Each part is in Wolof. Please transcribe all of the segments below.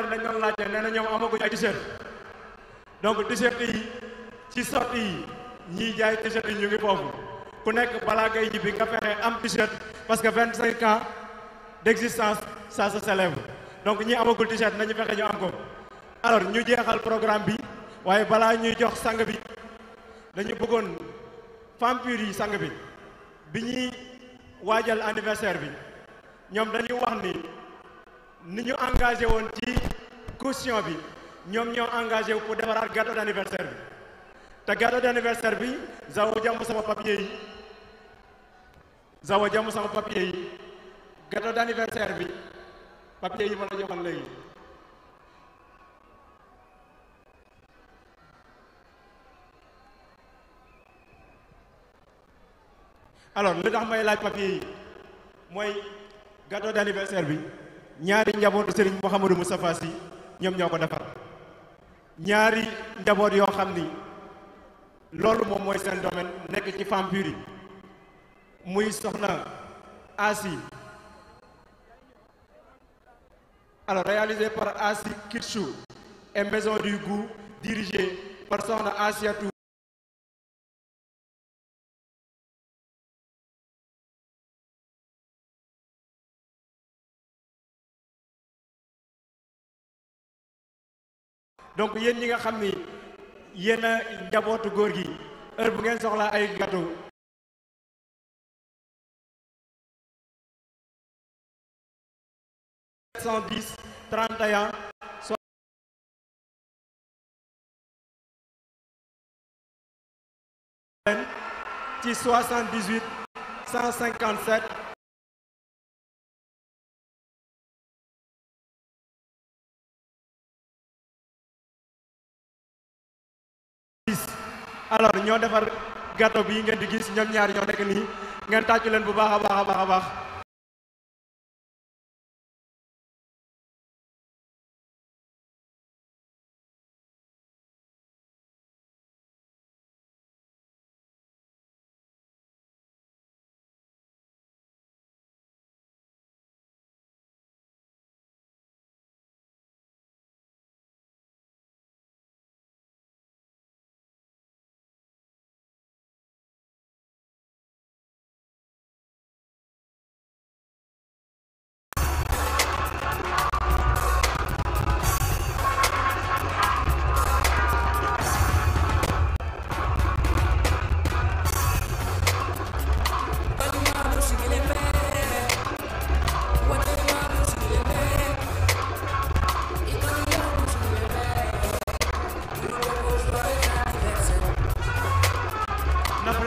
kon dañ doon laajte ñoom amaguñ ay t donc t-shirt yi ci sotti yi ñiy jaay t-shirt yi ñu ngi foofu ku nekk balaa ngay bi nga fexe am t parce que vingt cinq ans d'existence ça se célèbre donc ñi amagul t-shirt nañu fexe ñu am ko alors ñu jeexal programme bi waaye balaa ñuy jox sang bi dañu bëggoon femme pure yi sang bi bi ñuy waajal anniversaire bi ñoom dañuy wax ni ni ñu engagé woon ci caution bi ñoom ñoo engagé wu pour defaraat gâteau d'anniversaire bi te gâteau d'anniversaire bi zawo jàmm sama papier yi zawo jàmm sama papier yi gâteau d'anniversaire bi papier yi ma la joxoon léegi alors li tax may laaj papier yi mooy gâteau d'anniversaire bi ñaari njabootu Serigne Mouhamadou Moustapha Sy ñoom ñoo ko defar ñaari njaboot yoo xam ni loolu moom mooy seen domaine nekk ci femme pure yi muy soxna Asi alors réalisé par Asi Kitchou et maison du goût dirigée par soxna Asiatou donc yéen ñi nga xam ni yéen njabootu góor gi heure bu ngeen soxla ay gâteau cent dix trente un ci soixante dix huit cent cinquante sept alors ñoo defar gâteau bi ngeen di gis ñoom ñaari ñoo nekk nii ngeen tàccu leen bu baax a baax a baax a baax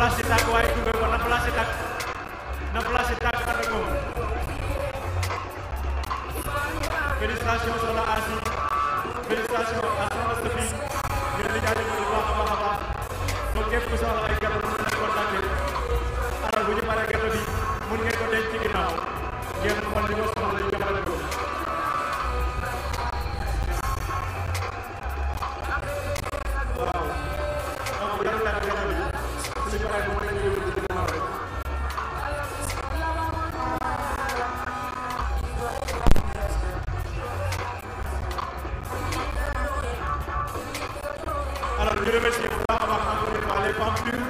placé tàgg waaye Toubé war na placé tàgg na placé tàgg ànd ak moom félicitations soxna Asi félicitations à soxna Sophie ñu ngi leen di jaajëfal bu baax a baax a baax donc képp ku soxla remercier bu baax a baax encouragement les femmes pures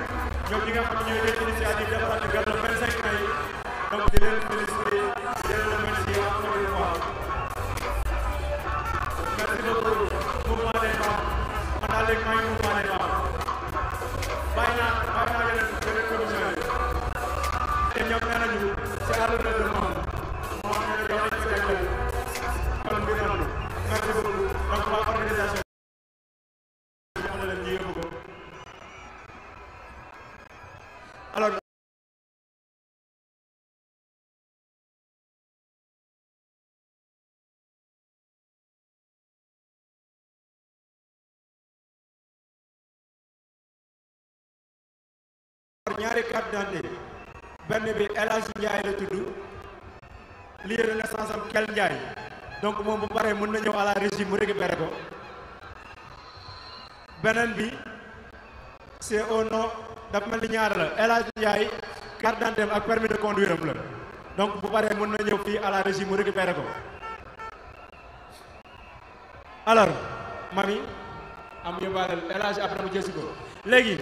ñoom ñi nga xam ne ñooy jël initiative départi vers le 25 mai donc di leen féliciter di leen remercier encore une fois merci beaucoup mouvement des femmes man daal léegi maa ngi mouvement des femmes bàyyi naa bàyyi naa yeneen yeneen commission yi te ñoom nee nañu c'est à l'honneur de ñaari carte d'identité benn bi El Hadj Ndiaye la tudd lieu de naissance am Kell Ndiaye donc moom bu paree mun na ñëw à la régie mu récupéré ko beneen bi c'est au nom dafa mel ni ñaar la El Hadj Ndiaye ak permis de conduire am la donc bu paree mën na ñëw fii à la régie mu récupéré ko alors mami am yóbbaale El Hadj après mu jësi ko léegi